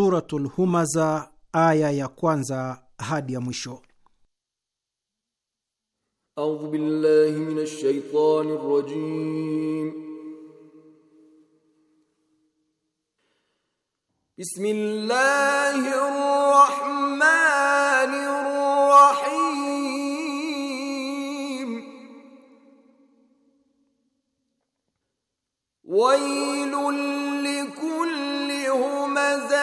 Suratul Humaza aya ya kwanza hadi ya mwisho. A'udhu billahi minash shaitani rrajim. Bismillahir rahmanir rahim. Wailul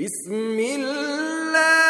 بسم الله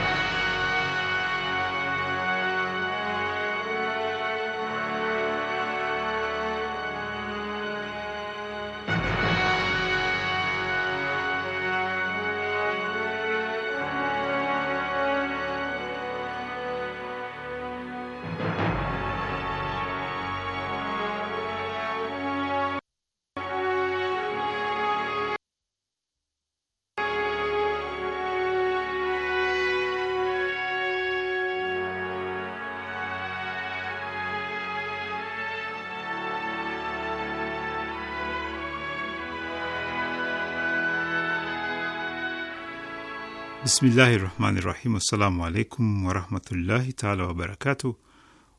Bismillahi rahmani rahim. Assalamu alaikum warahmatullahi taala wabarakatu.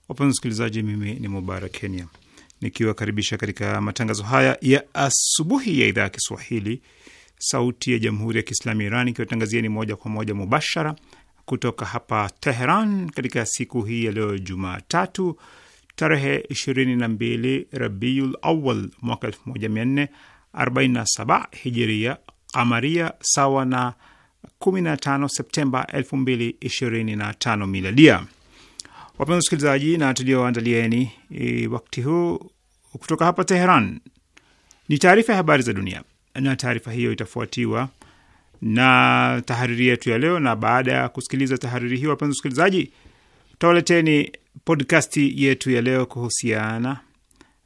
Wapenzi msikilizaji, mimi ni Mubarak Kenya nikiwakaribisha katika matangazo haya ya asubuhi ya idhaa ya Kiswahili Sauti ya Jamhuri ya Kiislami ya Iran ikiwatangazieni moja kwa moja mubashara kutoka hapa Teheran katika siku hii ya leo Jumatatu tarehe 22 Rabiul Awal mwaka 1447 Hijiria Kamaria sawa na 15 Septemba 2025 miladia. Wapenzi wasikilizaji, na tulioandalieni e, wakati huu kutoka hapa Teheran ni taarifa ya habari za dunia, na taarifa hiyo itafuatiwa na tahariri yetu ya leo, na baada ya kusikiliza tahariri hiyo, wapenzi wasikilizaji, tutawaleteni podkasti yetu ya leo kuhusiana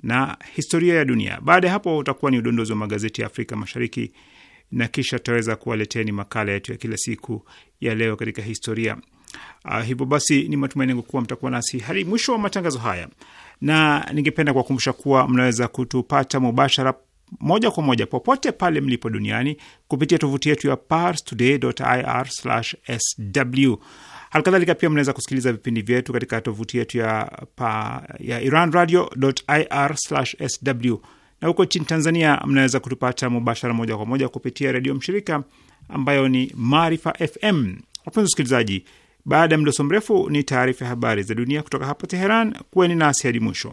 na historia ya dunia. Baada ya hapo utakuwa ni udondozi wa magazeti ya Afrika Mashariki na kisha tutaweza kuwaleteni makala yetu ya kila siku ya leo katika historia. Uh, hivyo basi ni matumaini yangu kuwa mtakuwa nasi hadi mwisho wa matangazo haya, na ningependa kuwakumbusha kuwa mnaweza kutupata mubashara moja kwa moja popote pale mlipo duniani kupitia tovuti yetu ya parstoday.ir/sw. Halikadhalika pia mnaweza kusikiliza vipindi vyetu katika tovuti yetu ya, pa, ya iranradio.ir/sw na huko nchini Tanzania mnaweza kutupata mubashara moja kwa moja kupitia redio mshirika ambayo ni Maarifa FM. Wapenzi wasikilizaji, baada ya mdoso mrefu ni taarifa ya habari za dunia kutoka hapa Teheran. Kuweni nasi hadi mwisho.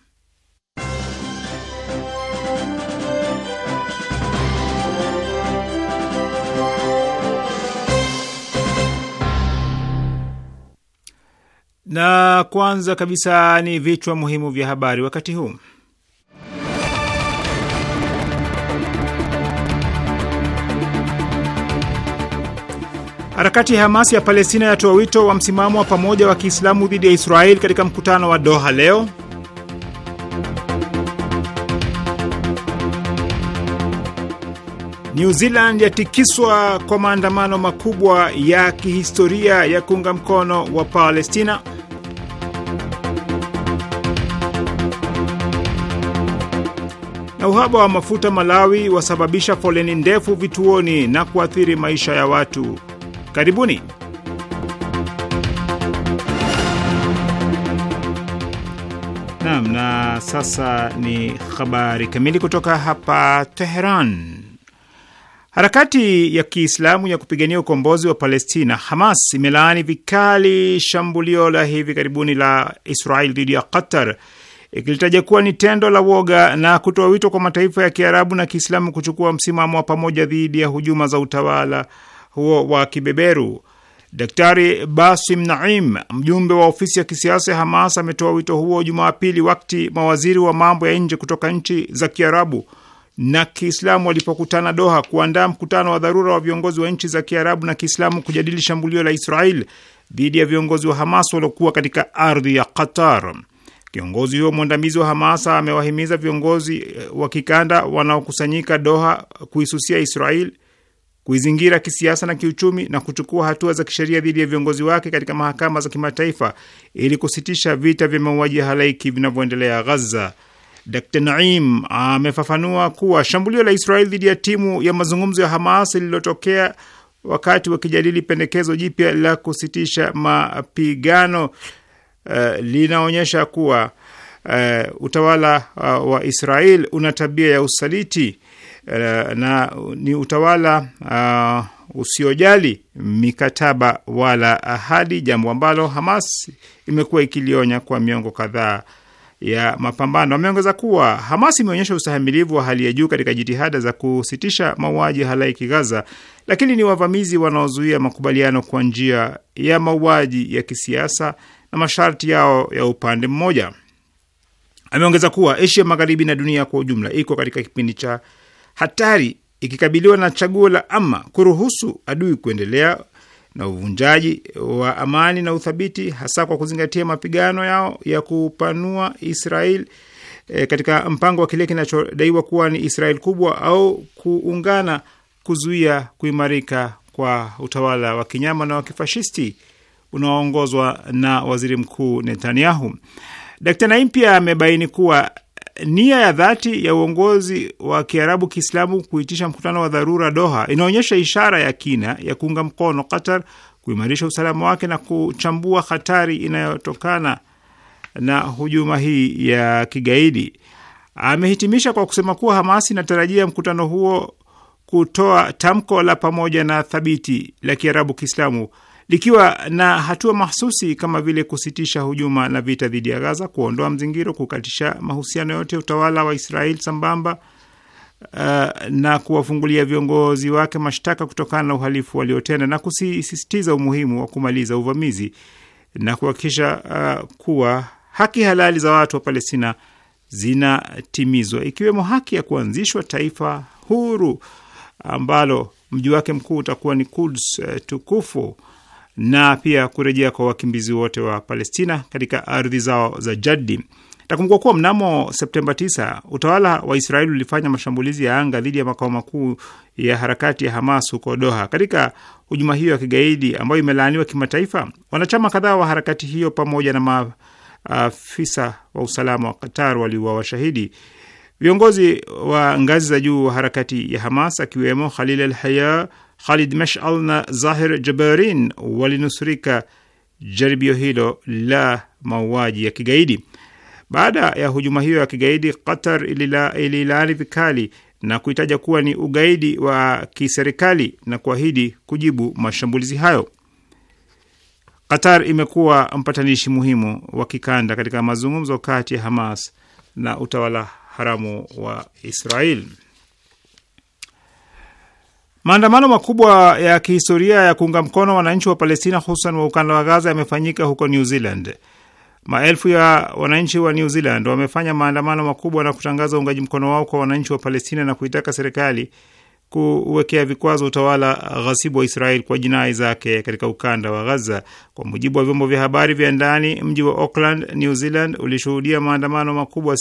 Na kwanza kabisa ni vichwa muhimu vya habari wakati huu. Harakati ya Hamas ya Palestina yatoa wito wa msimamo wa pamoja wa Kiislamu dhidi ya Israeli katika mkutano wa Doha leo. New Zealand yatikiswa kwa maandamano makubwa ya kihistoria ya kuunga mkono wa Palestina. na uhaba wa mafuta Malawi wasababisha foleni ndefu vituoni na kuathiri maisha ya watu. Karibuni. Naam, na sasa ni habari kamili kutoka hapa Teheran. Harakati ya Kiislamu ya kupigania ukombozi wa Palestina, Hamas, imelaani vikali shambulio la hivi karibuni la Israel dhidi ya Qatar ikilitaja kuwa ni tendo la woga na kutoa wito kwa mataifa ya Kiarabu na Kiislamu kuchukua msimamo wa pamoja dhidi ya hujuma za utawala huo wa kibeberu. Daktari Basim Naim, mjumbe wa ofisi ya kisiasa ya Hamas, ametoa wito huo Jumapili wakati mawaziri wa mambo ya nje kutoka nchi za Kiarabu na Kiislamu walipokutana Doha kuandaa mkutano wa dharura wa viongozi wa nchi za Kiarabu na Kiislamu kujadili shambulio la Israel dhidi ya viongozi wa Hamas waliokuwa katika ardhi ya Qatar. Kiongozi huyo mwandamizi wa Hamasa amewahimiza viongozi eh, wa kikanda wanaokusanyika Doha kuisusia Israel, kuizingira kisiasa na kiuchumi na kuchukua hatua za kisheria dhidi ya viongozi wake katika mahakama za kimataifa ili kusitisha vita vya mauaji ya halaiki vinavyoendelea Gaza. Dkt Naim amefafanua kuwa shambulio la Israel dhidi ya timu ya mazungumzo ya Hamas lililotokea wakati wakijadili pendekezo jipya la kusitisha mapigano Eh, linaonyesha kuwa uh, utawala uh, wa Israel una tabia ya usaliti uh, na ni utawala uh, usiojali mikataba wala ahadi, jambo ambalo Hamas imekuwa ikilionya kwa miongo kadhaa ya mapambano. Ameongeza kuwa Hamas imeonyesha ustahamilivu wa hali ya juu katika jitihada za kusitisha mauaji halaiki Gaza, lakini ni wavamizi wanaozuia makubaliano kwa njia ya mauaji ya kisiasa na masharti yao ya upande mmoja. Ameongeza kuwa Asia Magharibi na dunia kwa ujumla iko katika kipindi cha hatari, ikikabiliwa na chaguo la ama kuruhusu adui kuendelea na uvunjaji wa amani na uthabiti, hasa kwa kuzingatia mapigano yao ya kupanua Israel e, katika mpango wa kile kinachodaiwa kuwa ni Israel kubwa au kuungana kuzuia kuimarika kwa utawala wa kinyama na wa kifashisti unaoongozwa na waziri mkuu Netanyahu. Dkt Naim pia amebaini kuwa nia ya dhati ya uongozi wa Kiarabu Kiislamu kuitisha mkutano wa dharura Doha inaonyesha ishara ya kina ya kuunga mkono Qatar, kuimarisha usalama wake na kuchambua hatari inayotokana na hujuma hii ya kigaidi. Amehitimisha kwa kusema kuwa Hamas inatarajia mkutano huo kutoa tamko la pamoja na thabiti la Kiarabu Kiislamu likiwa na hatua mahsusi kama vile kusitisha hujuma na vita dhidi ya Gaza, kuondoa mzingiro, kukatisha mahusiano yote ya utawala wa Israel sambamba uh, na kuwafungulia viongozi wake mashtaka kutokana na uhalifu waliotenda na kusisitiza umuhimu wa kumaliza uvamizi na kuhakikisha uh, kuwa haki halali za watu wa Palestina zinatimizwa ikiwemo haki ya kuanzishwa taifa huru ambalo mji wake mkuu utakuwa ni Kuds uh, tukufu na pia kurejea kwa wakimbizi wote wa Palestina katika ardhi zao za jadi. Takumbuka kuwa mnamo Septemba 9 utawala wa Israeli ulifanya mashambulizi ya anga dhidi ya makao makuu ya harakati ya Hamas huko Doha. Katika hujuma hiyo ya kigaidi ambayo imelaaniwa kimataifa, wanachama kadhaa wa harakati hiyo pamoja na maafisa wa usalama wa Qatar waliuawa washahidi. Viongozi wa ngazi za juu wa harakati ya Hamas akiwemo Khalil al-Haya Khalid Mashal na Zahir Jabarin walinusurika jaribio hilo la mauaji ya kigaidi. Baada ya hujuma hiyo ya kigaidi, Qatar ililaani vikali na kuitaja kuwa ni ugaidi wa kiserikali na kuahidi kujibu mashambulizi hayo. Qatar imekuwa mpatanishi muhimu wa kikanda katika mazungumzo kati ya Hamas na utawala haramu wa Israel. Maandamano makubwa ya kihistoria ya kuunga mkono wananchi wa Palestina, hususan wa ukanda wa Gaza, yamefanyika huko New Zealand. Maelfu ya wananchi wa New Zealand wamefanya maandamano makubwa na kutangaza uungaji mkono wao kwa wananchi wa Palestina na kuitaka serikali kuwekea vikwazo utawala ghasibu wa Israel kwa jinai zake katika ukanda wa Gaza. Kwa mujibu wa vyombo vya habari vya ndani, mji wa Auckland, New Zealand ulishuhudia maandamano makubwa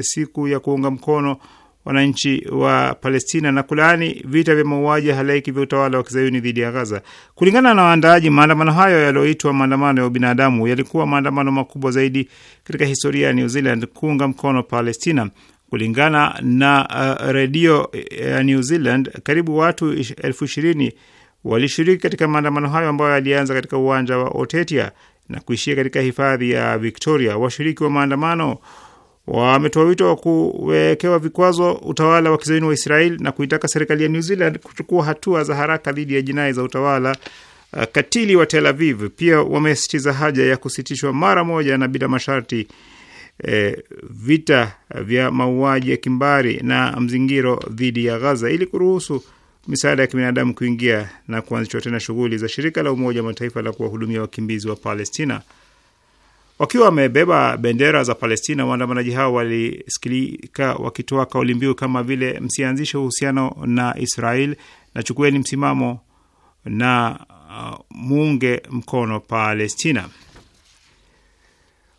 siku ya kuunga mkono wananchi wa Palestina na kulaani vita vya mauaji halaiki vya utawala wa kizayuni dhidi ya Gaza. Kulingana na waandaaji, maandamano hayo yaliyoitwa maandamano ya ubinadamu yalikuwa maandamano makubwa zaidi katika historia ya New Zealand kuunga mkono Palestina. Kulingana na uh, redio uh, ya uh, New Zealand, karibu watu elfu ishirini walishiriki katika maandamano hayo ambayo yalianza katika uwanja wa Otetia na kuishia katika hifadhi ya Victoria. Washiriki wa maandamano wametoa wito wa kuwekewa vikwazo utawala wa kizayuni wa Israel na kuitaka serikali ya New Zealand kuchukua hatua za haraka dhidi ya jinai za utawala uh, katili wa Tel Aviv. Pia wamesitiza haja ya kusitishwa mara moja na bila masharti e, vita vya mauaji ya kimbari na mzingiro dhidi ya Gaza ili kuruhusu misaada ya kibinadamu kuingia na kuanzishwa tena shughuli za shirika la Umoja wa Mataifa la kuwahudumia wakimbizi wa Palestina. Wakiwa wamebeba bendera za Palestina, waandamanaji hao walisikilika wakitoa kauli mbiu kama vile msianzishe uhusiano na Israel na chukueni msimamo na uh, muunge mkono Palestina.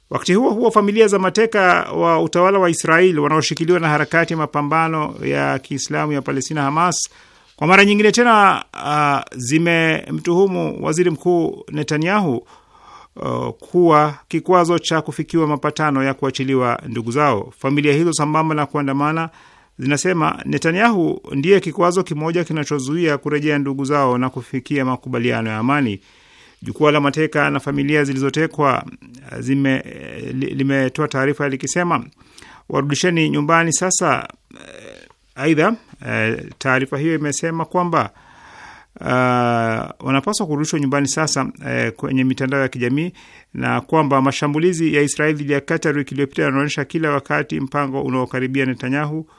Wakati huo huo, familia za mateka wa utawala wa Israel wanaoshikiliwa na harakati ya mapambano ya Kiislamu ya Palestina, Hamas, kwa mara nyingine tena uh, zimemtuhumu waziri mkuu Netanyahu Uh, kuwa kikwazo cha kufikiwa mapatano ya kuachiliwa ndugu zao. Familia hizo sambamba na kuandamana zinasema Netanyahu ndiye kikwazo kimoja kinachozuia kurejea ndugu zao na kufikia makubaliano ya amani. Jukwaa la mateka na familia zilizotekwa uh, zime, limetoa taarifa likisema warudisheni nyumbani sasa. Uh, aidha, taarifa hiyo imesema kwamba Uh, wanapaswa kurushwa kurudishwa nyumbani sasa uh, kwenye mitandao ya kijamii na kwamba mashambulizi ya Israeli dhidi ya Qatar wiki iliyopita yanaonyesha kila wakati mpango unaokaribia Netanyahu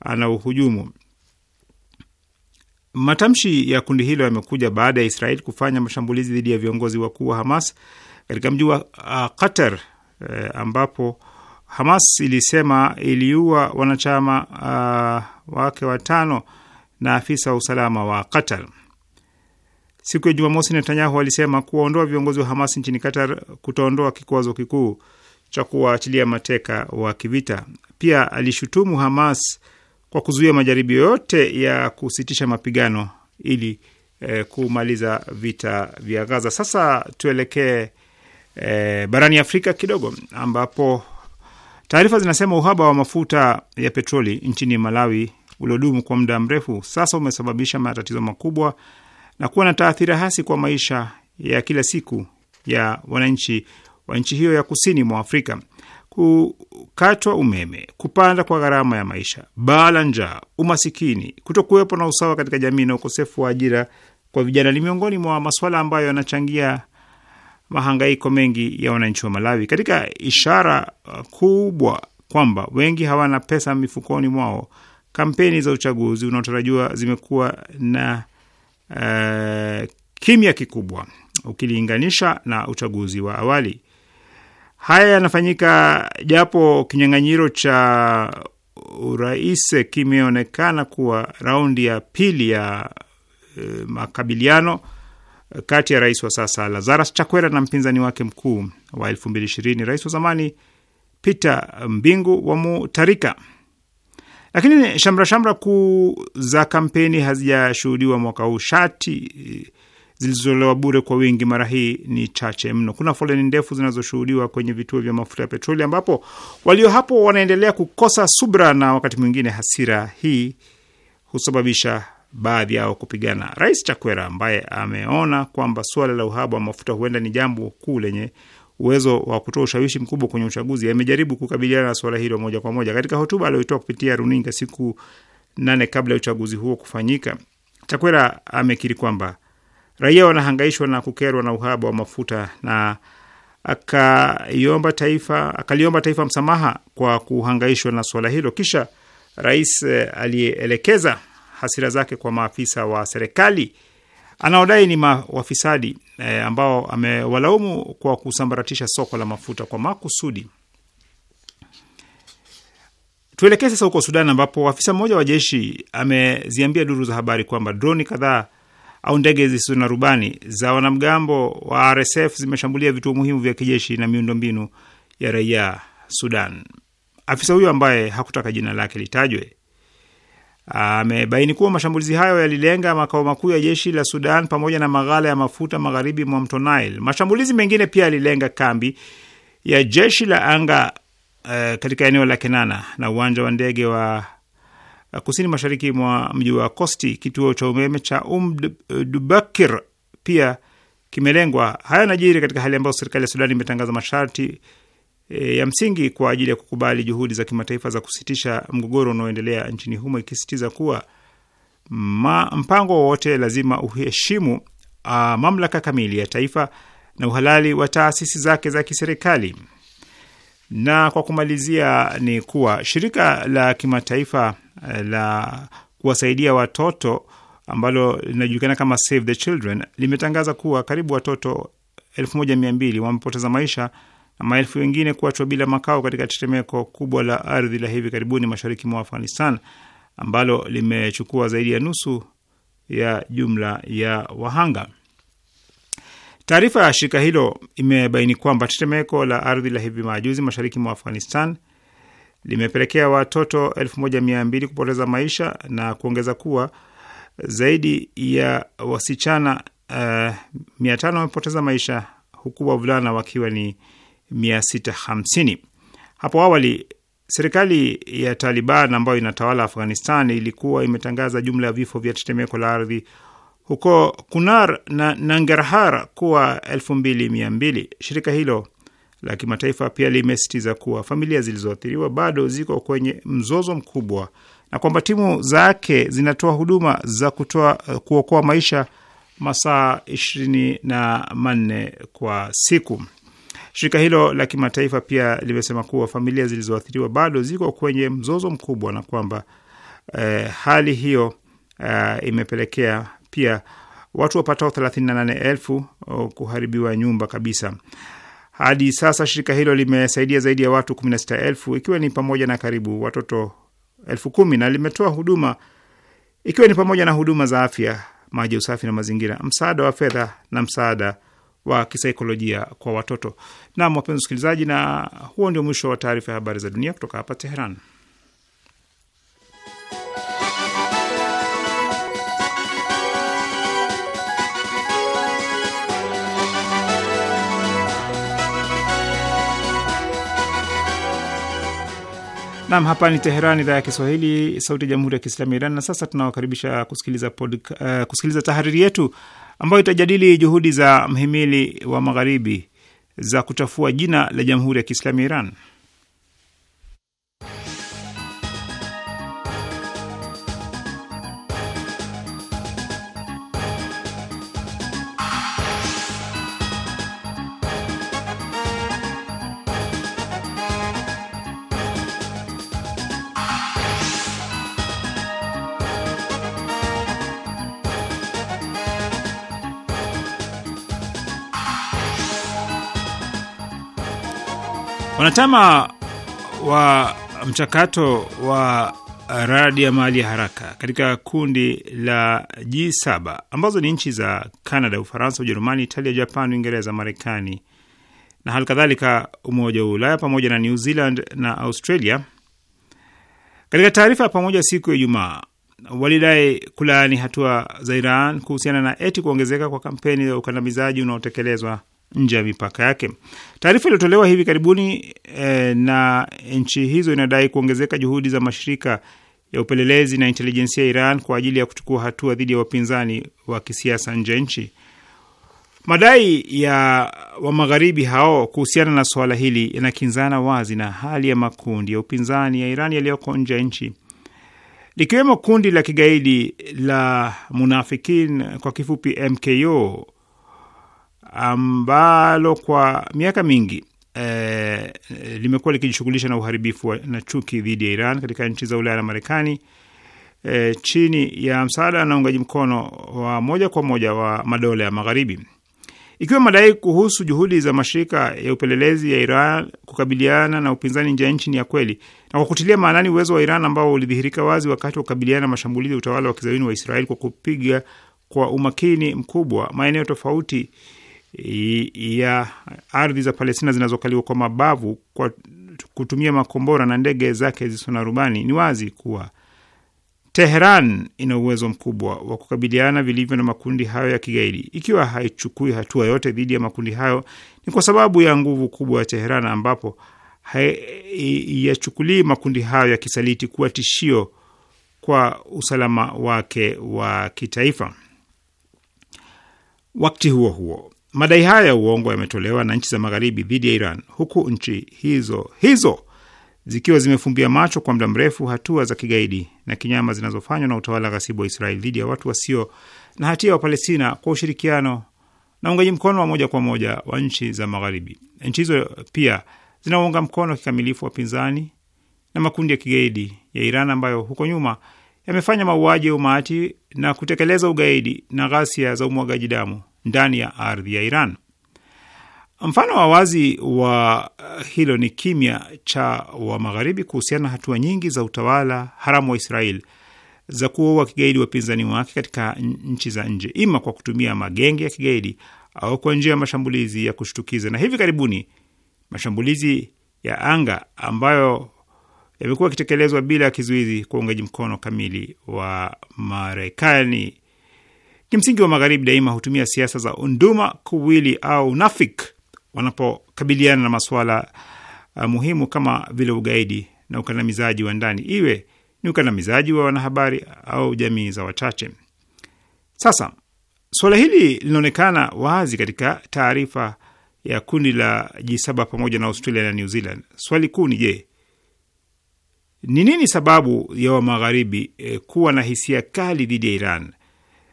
ana uhujumu. Matamshi ya kundi hilo yamekuja baada ya Israeli kufanya mashambulizi dhidi ya viongozi wakuu wa Hamas katika mji wa uh, Qatar uh, ambapo Hamas ilisema iliua wanachama uh, wake watano na afisa wa usalama wa Qatar siku ya Jumamosi, Netanyahu alisema kuwaondoa viongozi wa Hamas nchini Qatar kutaondoa kikwazo kikuu cha kuwaachilia mateka wa kivita. Pia alishutumu Hamas kwa kuzuia majaribio yote ya kusitisha mapigano ili eh, kumaliza vita vya Gaza. Sasa tuelekee eh, barani Afrika kidogo, ambapo taarifa zinasema uhaba wa mafuta ya petroli nchini Malawi uliodumu kwa muda mrefu sasa umesababisha matatizo makubwa na kuwa na taathira hasi kwa maisha ya kila siku ya wananchi wa nchi hiyo ya kusini mwa Afrika. Kukatwa umeme, kupanda kwa gharama ya maisha, baa la njaa, umasikini, kutokuwepo na usawa katika jamii na ukosefu wa ajira kwa vijana ni miongoni mwa masuala ambayo yanachangia mahangaiko mengi ya wananchi wa Malawi, katika ishara uh, kubwa kwamba wengi hawana pesa mifukoni mwao. Kampeni za uchaguzi unaotarajiwa zimekuwa na Eh, kimya kikubwa ukilinganisha na uchaguzi wa awali. Haya yanafanyika japo kinyang'anyiro cha urais kimeonekana kuwa raundi ya pili ya e, makabiliano kati ya rais wa sasa Lazarus Chakwera na mpinzani wake mkuu wa elfu mbili ishirini rais wa zamani Peter Mbingu wa mutarika lakini shamra shamra kuu za kampeni hazijashuhudiwa mwaka huu. Shati eh, zilizotolewa bure kwa wingi mara hii ni chache mno. Kuna foleni ndefu zinazoshuhudiwa kwenye vituo vya mafuta ya petroli, ambapo walio hapo wanaendelea kukosa subra na wakati mwingine hasira. Hii husababisha baadhi yao kupigana. Rais Chakwera ambaye ameona kwamba suala la uhaba wa mafuta huenda ni jambo kuu lenye uwezo wa kutoa ushawishi mkubwa kwenye uchaguzi, amejaribu kukabiliana na suala hilo moja kwa moja. Katika hotuba aliyoitoa kupitia runinga siku nane kabla ya uchaguzi huo kufanyika, Chakwera amekiri kwamba raia wanahangaishwa na kukerwa na uhaba wa mafuta na akaiomba taifa, akaliomba taifa msamaha kwa kuhangaishwa na suala hilo. Kisha rais eh, aliyeelekeza hasira zake kwa maafisa wa serikali anaodai ni mawafisadi e, eh, ambao amewalaumu kwa kusambaratisha soko la mafuta kwa makusudi. Tuelekee sasa huko Sudan ambapo afisa mmoja wa jeshi ameziambia duru za habari kwamba droni kadhaa au ndege zisizo na rubani za wanamgambo wa RSF zimeshambulia vituo muhimu vya kijeshi na miundombinu ya raia Sudan. Afisa huyo ambaye hakutaka jina lake litajwe amebaini kuwa mashambulizi hayo yalilenga makao makuu ya jeshi la Sudan pamoja na maghala ya mafuta magharibi mwa mto Nile. Mashambulizi mengine pia yalilenga kambi ya jeshi la anga uh, katika eneo la Kenana na uwanja wa ndege wa eh, kusini mashariki mwa mji wa Kosti. Kituo cha umeme cha Umdubakir eh, pia kimelengwa. Haya najiri katika hali ambayo serikali ya Sudan imetangaza masharti E, ya msingi kwa ajili ya kukubali juhudi za kimataifa za kusitisha mgogoro unaoendelea nchini humo, ikisisitiza kuwa ma, mpango wowote lazima uheshimu mamlaka kamili ya taifa na uhalali wa taasisi zake za kiserikali. Na kwa kumalizia ni kuwa shirika la kimataifa e, la kuwasaidia watoto ambalo linajulikana kama Save the Children limetangaza kuwa karibu watoto 1200 wamepoteza maisha na maelfu wengine kuachwa bila makao katika tetemeko kubwa la ardhi la hivi karibuni mashariki mwa Afghanistan ambalo limechukua zaidi ya nusu ya jumla ya wahanga. Taarifa ya shirika hilo imebaini kwamba tetemeko la ardhi la hivi majuzi mashariki mwa Afghanistan limepelekea watoto 12 kupoteza maisha na kuongeza kuwa zaidi ya wasichana uh, eh, 500 wamepoteza maisha huku wavulana wakiwa ni 650. Hapo awali serikali ya Taliban ambayo inatawala Afghanistan ilikuwa imetangaza jumla ya vifo vya tetemeko la ardhi huko Kunar na Nangarhar kuwa 2200. Shirika hilo la kimataifa pia limesitiza kuwa familia zilizoathiriwa bado ziko kwenye mzozo mkubwa na kwamba timu zake zinatoa huduma za kutoa eh, kuokoa maisha masaa 24 kwa siku. Shirika hilo la kimataifa pia limesema kuwa familia zilizoathiriwa bado ziko kwenye mzozo mkubwa na kwamba eh, hali hiyo eh, imepelekea pia watu wapatao 38,000 kuharibiwa nyumba kabisa. Hadi sasa shirika hilo limesaidia zaidi ya watu 16,000 ikiwa ni pamoja na karibu watoto 10,000 na limetoa huduma ikiwa ni pamoja na huduma za afya, maji, usafi na mazingira, msaada wa fedha na msaada wa kisaikolojia kwa watoto. nam wapenzi wasikilizaji, na huo ndio mwisho wa taarifa ya habari za dunia kutoka hapa Teheran. Nam, hapa ni Teheran, idhaa ya Kiswahili, sauti ya jamhuri ya kiislamu ya Iran. Na sasa tunawakaribisha kusikiliza, uh, kusikiliza tahariri yetu ambayo itajadili juhudi za mhimili wa magharibi za kutafua jina la Jamhuri ya Kiislamu ya Iran. Wanachama wa mchakato wa uh, radi ya mali ya haraka katika kundi la G7 ambazo ni nchi za Canada, Ufaransa, Ujerumani, Italia, Japan, Uingereza, Marekani na hali kadhalika Umoja wa Ulaya pamoja na New Zealand na Australia. Katika taarifa ya pamoja siku ya Ijumaa, walidai kulaani hatua za Iran kuhusiana na eti kuongezeka kwa kampeni za ukandamizaji unaotekelezwa nje ya mipaka yake. Taarifa iliyotolewa hivi karibuni e, na nchi hizo inadai kuongezeka juhudi za mashirika ya upelelezi na intelijensia ya Iran kwa ajili ya kuchukua hatua dhidi ya wapinzani wa kisiasa nje ya nchi. Madai ya wamagharibi hao kuhusiana na suala hili yanakinzana wazi na hali ya makundi ya upinzani ya Iran yaliyoko nje ya nchi likiwemo kundi la kigaidi la Munafikin kwa kifupi MKO ambalo kwa miaka mingi e, limekuwa likijishughulisha na uharibifu na chuki dhidi ya Iran katika nchi za Ulaya na Marekani e, chini ya msaada na uungaji mkono wa moja kwa moja wa madola ya Magharibi, ikiwa madai kuhusu juhudi za mashirika ya upelelezi ya Iran kukabiliana na upinzani nje ya nchi ni ya kweli, na kwa kutilia maanani uwezo wa Iran ambao ulidhihirika wazi wakati wa kukabiliana na mashambulizi ya utawala wa kizayuni wa Israeli kwa kupiga kwa umakini mkubwa maeneo tofauti ya ardhi za Palestina zinazokaliwa kwa mabavu kwa kutumia makombora na ndege zake zisizo na rubani, ni wazi kuwa Teheran ina uwezo mkubwa wa kukabiliana vilivyo na makundi hayo ya kigaidi. Ikiwa haichukui hatua yote dhidi ya makundi hayo, ni kwa sababu ya nguvu kubwa ya Teheran, ambapo haiyachukulii makundi hayo ya kisaliti kuwa tishio kwa usalama wake wa kitaifa. Wakati huo huo, Madai haya ya uongo yametolewa na nchi za magharibi dhidi ya Iran, huku nchi hizo hizo zikiwa zimefumbia macho kwa muda mrefu hatua za kigaidi na kinyama zinazofanywa na utawala ghasibu wa Israeli dhidi ya watu wasio na hatia wa Palestina kwa ushirikiano na uungaji mkono wa moja kwa moja wa nchi za magharibi. Nchi hizo pia zinaunga mkono kikamilifu wapinzani na makundi ya kigaidi ya Iran ambayo huko nyuma yamefanya mauaji ya umati na kutekeleza ugaidi na ghasia za umwagaji damu ndani ya ardhi ya Iran. Mfano wa wazi wa eh, hilo ni kimya cha wa Magharibi kuhusiana na hatua nyingi za utawala haramu wa Israel za kuwaua kigaidi wapinzani wake katika nchi za nje, ima kwa kutumia magenge ya kigaidi au kwa njia ya mashambulizi ya kushtukiza. Na hivi karibuni mashambulizi ya anga ambayo yamekuwa yakitekelezwa bila kizuizi kwa uungaji mkono kamili wa Marekani Kimsingi wa magharibi daima hutumia siasa za unduma kuwili au nafik wanapokabiliana na masuala uh, muhimu kama vile ugaidi na ukandamizaji wa ndani, iwe ni ukandamizaji wa wanahabari au jamii za wachache. Sasa suala hili linaonekana wazi katika taarifa ya kundi la G7 pamoja na Australia na New Zealand. Swali kuu ni je, ni nini sababu ya Wamagharibi eh, kuwa na hisia kali dhidi ya Iran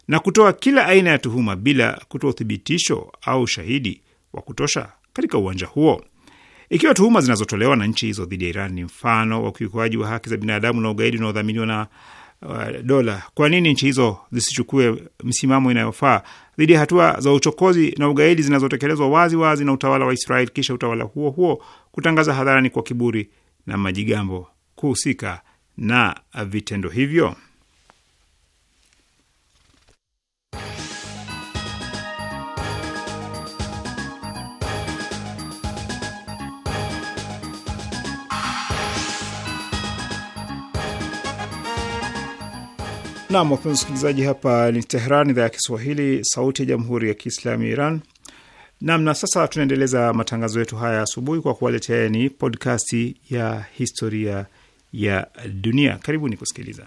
na kutoa kila aina ya tuhuma bila kutoa uthibitisho au shahidi wa kutosha katika uwanja huo. Ikiwa tuhuma zinazotolewa na nchi hizo dhidi ya Iran ni mfano wa ukiukaji wa haki za binadamu na ugaidi unaodhaminiwa na uh, dola, kwa nini nchi hizo zisichukue msimamo inayofaa dhidi ya hatua za uchokozi na ugaidi zinazotekelezwa wazi wazi na utawala wa Israel, kisha utawala huo huo kutangaza hadharani kwa kiburi na majigambo kuhusika na vitendo hivyo? Nam, wapenzi msikilizaji, hapa ni Tehran, idhaa ya Kiswahili, sauti ya jamhuri ya kiislamu ya Iran. Nam, na sasa tunaendeleza matangazo yetu haya asubuhi kwa kuwaletea ni podkasti ya historia ya dunia. Karibuni kusikiliza.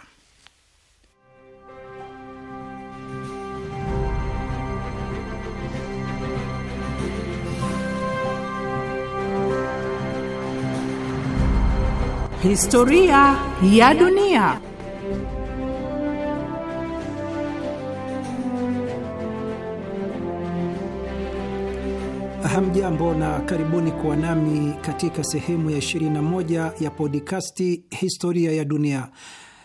Historia ya dunia. Hamjambo na karibuni kuwa nami katika sehemu ya 21 ya podikasti Historia ya Dunia.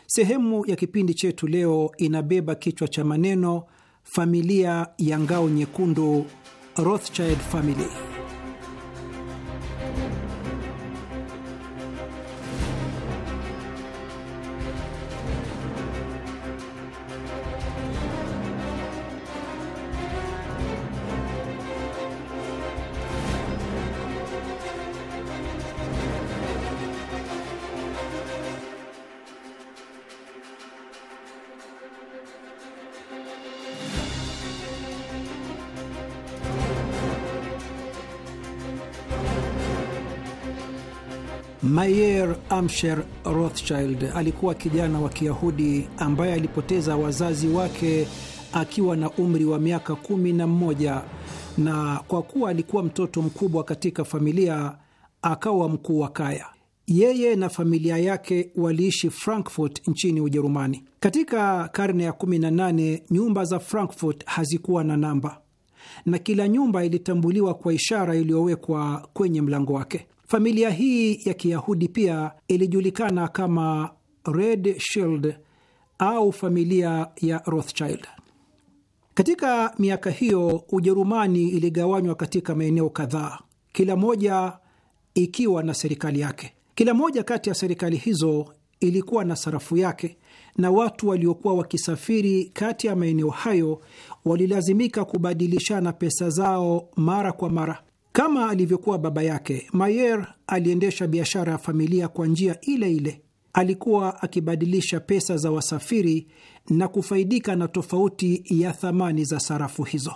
Sehemu ya kipindi chetu leo inabeba kichwa cha maneno familia ya ngao nyekundu, Rothschild Family. Mayer Amsher Rothschild alikuwa kijana wa Kiyahudi ambaye alipoteza wazazi wake akiwa na umri wa miaka kumi na mmoja, na kwa kuwa alikuwa mtoto mkubwa katika familia akawa mkuu wa kaya. Yeye na familia yake waliishi Frankfurt nchini Ujerumani. Katika karne ya 18 nyumba za Frankfurt hazikuwa na namba na kila nyumba ilitambuliwa kwa ishara iliyowekwa kwenye mlango wake. Familia hii ya Kiyahudi pia ilijulikana kama Red Shield au familia ya Rothschild. Katika miaka hiyo, Ujerumani iligawanywa katika maeneo kadhaa, kila moja ikiwa na serikali yake. Kila moja kati ya serikali hizo ilikuwa na sarafu yake, na watu waliokuwa wakisafiri kati ya maeneo hayo walilazimika kubadilishana pesa zao mara kwa mara. Kama alivyokuwa baba yake, Mayer aliendesha biashara ya familia kwa njia ile ile. Alikuwa akibadilisha pesa za wasafiri na kufaidika na tofauti ya thamani za sarafu hizo.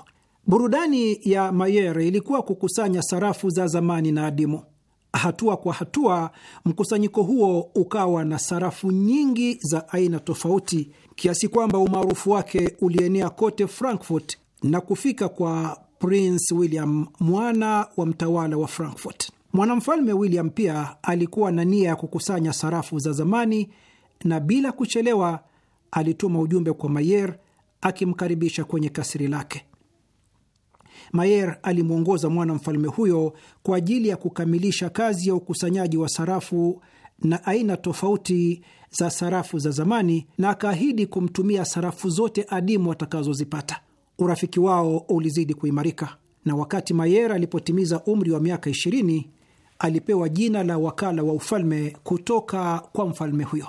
Burudani ya Mayer ilikuwa kukusanya sarafu za zamani na adimu. Hatua kwa hatua, mkusanyiko huo ukawa na sarafu nyingi za aina tofauti, kiasi kwamba umaarufu wake ulienea kote Frankfurt na kufika kwa Prince William, mwana wa mtawala wa Frankfurt. Mwanamfalme William pia alikuwa na nia ya kukusanya sarafu za zamani na bila kuchelewa alituma ujumbe kwa Mayer akimkaribisha kwenye kasiri lake. Mayer alimwongoza mwanamfalme huyo kwa ajili ya kukamilisha kazi ya ukusanyaji wa sarafu na aina tofauti za sarafu za zamani na akaahidi kumtumia sarafu zote adimu atakazozipata urafiki wao ulizidi kuimarika, na wakati Mayer alipotimiza umri wa miaka 20 alipewa jina la wakala wa ufalme kutoka kwa mfalme huyo.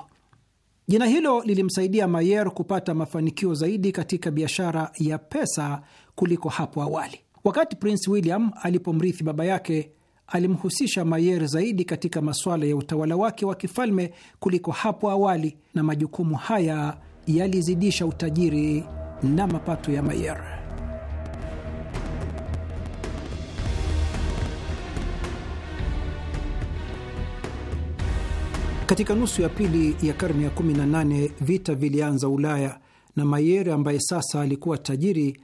Jina hilo lilimsaidia Mayer kupata mafanikio zaidi katika biashara ya pesa kuliko hapo awali. Wakati Prince William alipomrithi baba yake, alimhusisha Mayer zaidi katika masuala ya utawala wake wa kifalme kuliko hapo awali, na majukumu haya yalizidisha utajiri na mapato ya Mayer. Katika nusu ya pili ya karne ya 18 vita vilianza Ulaya na Mayer ambaye sasa alikuwa tajiri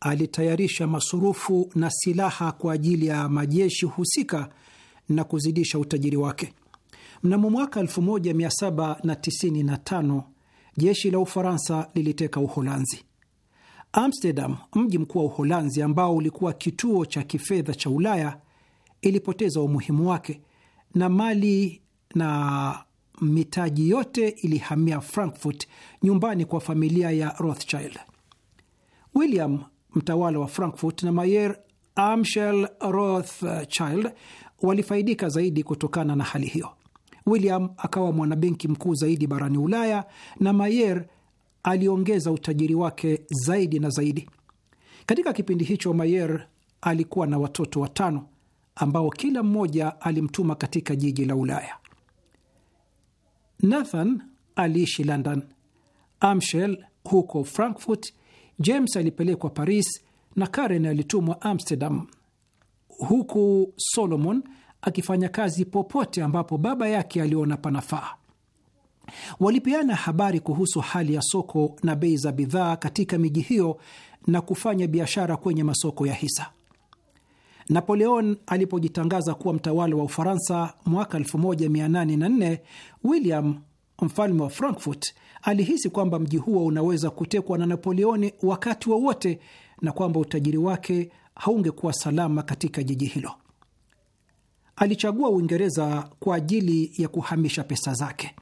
alitayarisha masurufu na silaha kwa ajili ya majeshi husika na kuzidisha utajiri wake. Mnamo mwaka 1795 jeshi la Ufaransa liliteka Uholanzi. Amsterdam, mji mkuu wa Uholanzi ambao ulikuwa kituo cha kifedha cha Ulaya, ilipoteza umuhimu wake na mali na mitaji yote ilihamia Frankfurt, nyumbani kwa familia ya Rothschild. William mtawala wa Frankfurt na Mayer Amshel Rothschild walifaidika zaidi kutokana na hali hiyo. William akawa mwanabenki mkuu zaidi barani Ulaya na Mayer aliongeza utajiri wake zaidi na zaidi. Katika kipindi hicho, Mayer alikuwa na watoto watano ambao kila mmoja alimtuma katika jiji la Ulaya. Nathan aliishi London, Amshel huko Frankfurt, James alipelekwa Paris na Karen alitumwa Amsterdam, huku Solomon akifanya kazi popote ambapo baba yake aliona panafaa. Walipeana habari kuhusu hali ya soko na bei za bidhaa katika miji hiyo na kufanya biashara kwenye masoko ya hisa. Napoleon alipojitangaza kuwa mtawala wa Ufaransa mwaka 1804, William mfalme wa Frankfurt alihisi kwamba mji huo unaweza kutekwa na Napoleoni wakati wowote wa na kwamba utajiri wake haungekuwa salama katika jiji hilo. Alichagua Uingereza kwa ajili ya kuhamisha pesa zake.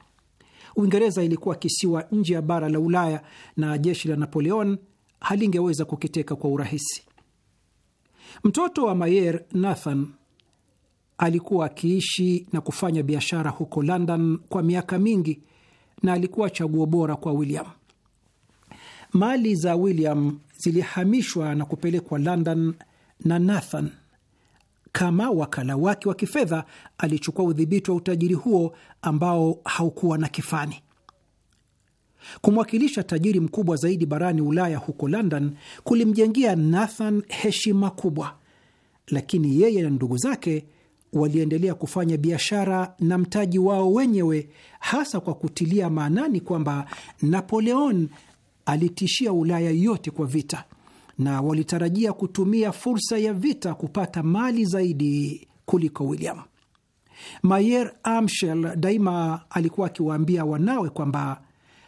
Uingereza ilikuwa kisiwa nje ya bara la Ulaya na jeshi la Napoleon halingeweza kukiteka kwa urahisi. Mtoto wa Mayer, Nathan, alikuwa akiishi na kufanya biashara huko London kwa miaka mingi na alikuwa chaguo bora kwa William. Mali za William zilihamishwa na kupelekwa London na Nathan kama wakala wake wa kifedha alichukua udhibiti wa utajiri huo ambao haukuwa na kifani. Kumwakilisha tajiri mkubwa zaidi barani Ulaya huko London kulimjengea Nathan heshima kubwa, lakini yeye na ndugu zake waliendelea kufanya biashara na mtaji wao wenyewe, hasa kwa kutilia maanani kwamba Napoleon alitishia Ulaya yote kwa vita na walitarajia kutumia fursa ya vita kupata mali zaidi kuliko William. Mayer Amshel daima alikuwa akiwaambia wanawe kwamba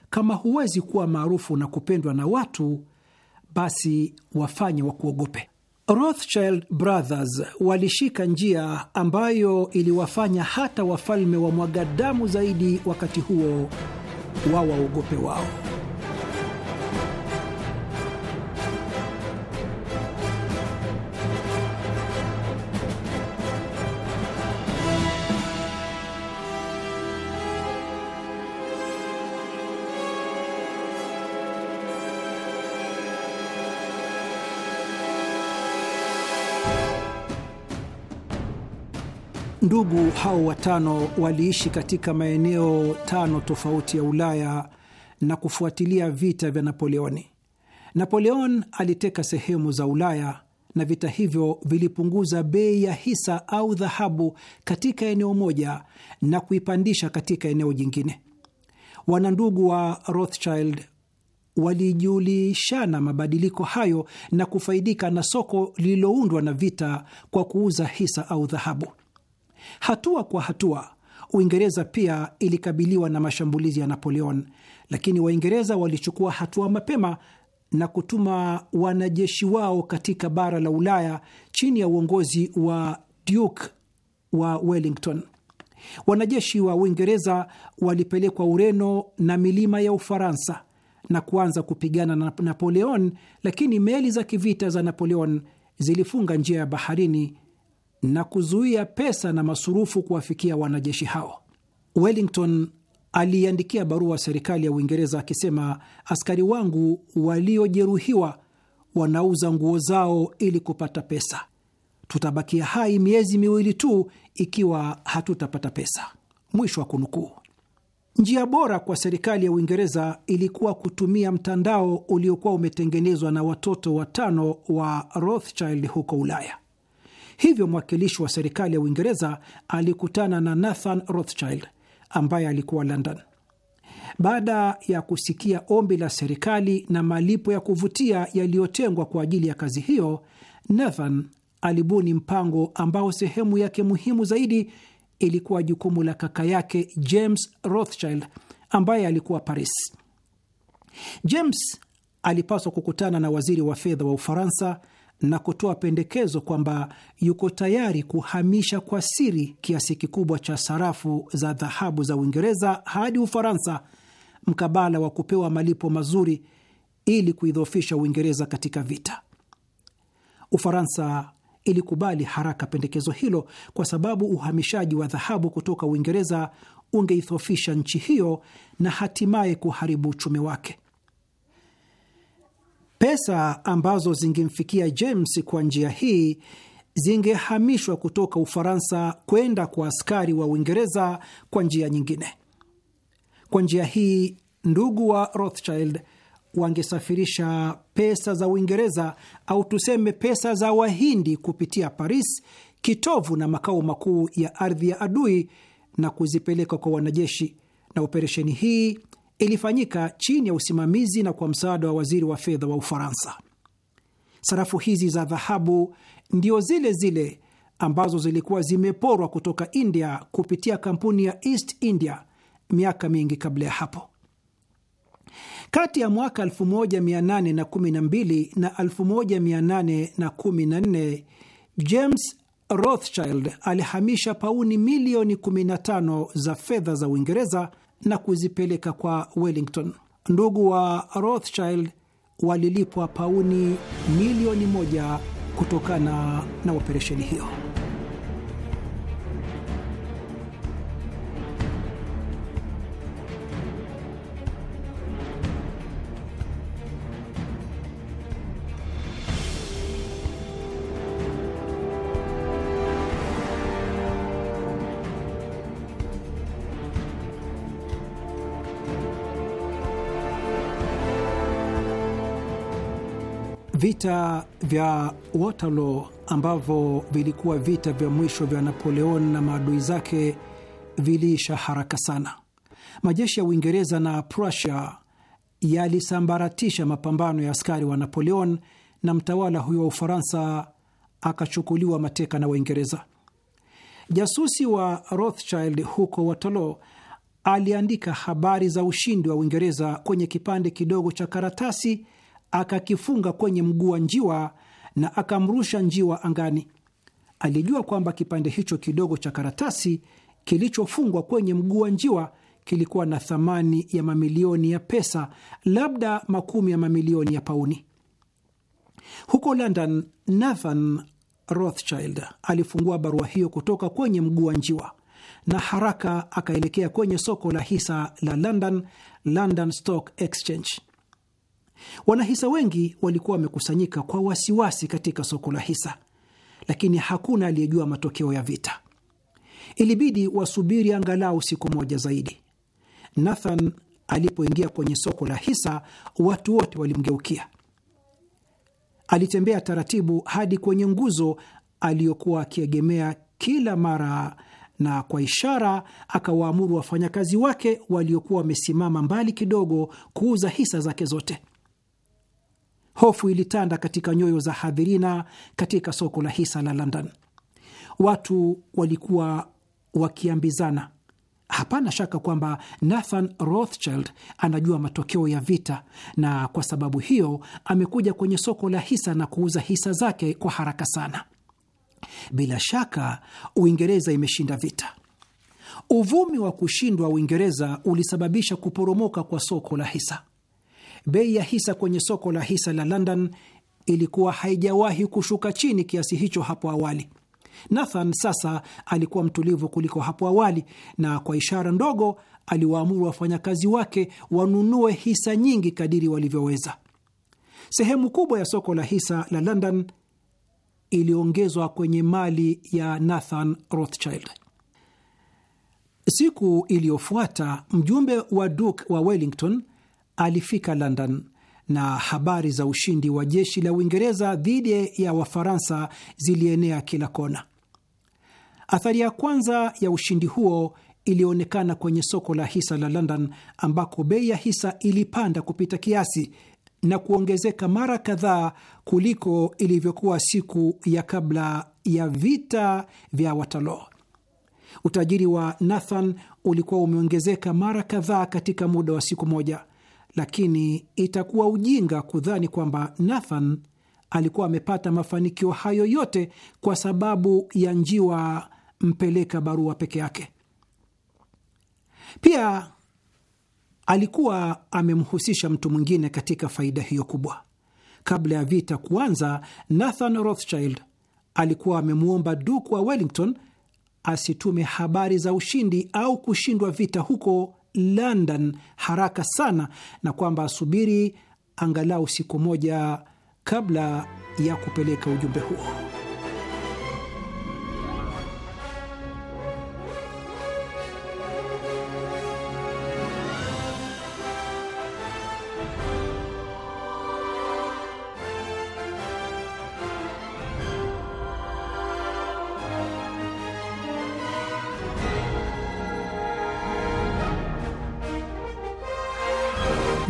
kama huwezi kuwa maarufu na kupendwa na watu, basi wafanye wa kuogope Rothschild Brothers walishika njia ambayo iliwafanya hata wafalme wa mwagadamu zaidi wakati huo wawaogope wao. Ndugu hao watano waliishi katika maeneo tano tofauti ya Ulaya na kufuatilia vita vya Napoleoni. Napoleon aliteka sehemu za Ulaya na vita hivyo vilipunguza bei ya hisa au dhahabu katika eneo moja na kuipandisha katika eneo jingine. Wanandugu wa Rothschild walijulishana mabadiliko hayo na kufaidika na soko lililoundwa na vita kwa kuuza hisa au dhahabu. Hatua kwa hatua, Uingereza pia ilikabiliwa na mashambulizi ya Napoleon, lakini Waingereza walichukua hatua mapema na kutuma wanajeshi wao katika bara la Ulaya chini ya uongozi wa Duke wa Wellington. Wanajeshi wa Uingereza walipelekwa Ureno na milima ya Ufaransa na kuanza kupigana na Napoleon, lakini meli za kivita za Napoleon zilifunga njia ya baharini na kuzuia pesa na masurufu kuwafikia wanajeshi hao. Wellington aliiandikia barua serikali ya Uingereza akisema, askari wangu waliojeruhiwa wanauza nguo zao ili kupata pesa. Tutabakia hai miezi miwili tu ikiwa hatutapata pesa. Mwisho wa kunukuu. Njia bora kwa serikali ya Uingereza ilikuwa kutumia mtandao uliokuwa umetengenezwa na watoto watano wa Rothschild huko Ulaya. Hivyo mwakilishi wa serikali ya Uingereza alikutana na Nathan Rothschild ambaye alikuwa London. Baada ya kusikia ombi la serikali na malipo ya kuvutia yaliyotengwa kwa ajili ya kazi hiyo, Nathan alibuni mpango ambao sehemu yake muhimu zaidi ilikuwa jukumu la kaka yake James Rothschild ambaye alikuwa Paris. James alipaswa kukutana na waziri wa fedha wa Ufaransa na kutoa pendekezo kwamba yuko tayari kuhamisha kwa siri kiasi kikubwa cha sarafu za dhahabu za Uingereza hadi Ufaransa mkabala wa kupewa malipo mazuri ili kuidhofisha Uingereza katika vita. Ufaransa ilikubali haraka pendekezo hilo kwa sababu uhamishaji wa dhahabu kutoka Uingereza ungeidhofisha nchi hiyo na hatimaye kuharibu uchumi wake. Pesa ambazo zingemfikia James kwa njia hii zingehamishwa kutoka Ufaransa kwenda kwa askari wa Uingereza kwa njia nyingine. Kwa njia hii, ndugu wa Rothschild wangesafirisha pesa za Uingereza au tuseme pesa za Wahindi kupitia Paris, kitovu na makao makuu ya ardhi ya adui, na kuzipeleka kwa wanajeshi, na operesheni hii ilifanyika chini ya usimamizi na kwa msaada wa waziri wa fedha wa Ufaransa. Sarafu hizi za dhahabu ndio zile zile ambazo zilikuwa zimeporwa kutoka India kupitia kampuni ya East India miaka mingi kabla ya hapo. Kati ya mwaka 1812 na 1814 James Rothschild alihamisha pauni milioni 15 za fedha za Uingereza na kuzipeleka kwa Wellington. Ndugu wa Rothschild walilipwa pauni milioni moja kutokana na operesheni hiyo. Vita vya Waterloo ambavyo vilikuwa vita vya mwisho vya Napoleon na maadui zake viliisha haraka sana. Majeshi ya Uingereza na Prussia yalisambaratisha mapambano ya askari wa Napoleon na mtawala huyo wa Ufaransa akachukuliwa mateka na Waingereza. Jasusi wa Rothschild huko Waterloo aliandika habari za ushindi wa Uingereza kwenye kipande kidogo cha karatasi akakifunga kwenye mguu wa njiwa na akamrusha njiwa angani. Alijua kwamba kipande hicho kidogo cha karatasi kilichofungwa kwenye mguu wa njiwa kilikuwa na thamani ya mamilioni ya pesa, labda makumi ya mamilioni ya pauni. Huko London, Nathan Rothschild alifungua barua hiyo kutoka kwenye mguu wa njiwa na haraka akaelekea kwenye soko la hisa la London, London Stock Exchange. Wanahisa wengi walikuwa wamekusanyika kwa wasiwasi katika soko la hisa, lakini hakuna aliyejua matokeo ya vita. Ilibidi wasubiri angalau siku moja zaidi. Nathan alipoingia kwenye soko la hisa, watu wote walimgeukia. Alitembea taratibu hadi kwenye nguzo aliyokuwa akiegemea kila mara, na kwa ishara akawaamuru wafanyakazi wake waliokuwa wamesimama mbali kidogo kuuza hisa zake zote. Hofu ilitanda katika nyoyo za hadhirina katika soko la hisa la London. Watu walikuwa wakiambizana, hapana shaka kwamba Nathan Rothschild anajua matokeo ya vita, na kwa sababu hiyo amekuja kwenye soko la hisa na kuuza hisa zake kwa haraka sana. Bila shaka Uingereza imeshinda vita. Uvumi wa kushindwa Uingereza ulisababisha kuporomoka kwa soko la hisa bei ya hisa kwenye soko la hisa la London ilikuwa haijawahi kushuka chini kiasi hicho hapo awali. Nathan sasa alikuwa mtulivu kuliko hapo awali, na kwa ishara ndogo aliwaamuru wafanyakazi wake wanunue hisa nyingi kadiri walivyoweza. Sehemu kubwa ya soko la hisa la London iliongezwa kwenye mali ya Nathan Rothschild. Siku iliyofuata mjumbe wa Duke wa Wellington alifika London na habari za ushindi wa jeshi la Uingereza dhidi ya Wafaransa zilienea kila kona. Athari ya kwanza ya ushindi huo ilionekana kwenye soko la hisa la London ambako bei ya hisa ilipanda kupita kiasi na kuongezeka mara kadhaa kuliko ilivyokuwa siku ya kabla ya vita vya Waterloo. Utajiri wa Nathan ulikuwa umeongezeka mara kadhaa katika muda wa siku moja lakini itakuwa ujinga kudhani kwamba Nathan alikuwa amepata mafanikio hayo yote kwa sababu ya njiwa mpeleka barua peke yake. Pia alikuwa amemhusisha mtu mwingine katika faida hiyo kubwa. Kabla ya vita kuanza, Nathan Rothschild alikuwa amemwomba duku wa Wellington asitume habari za ushindi au kushindwa vita huko London haraka sana na kwamba asubiri angalau siku moja kabla ya kupeleka ujumbe huo.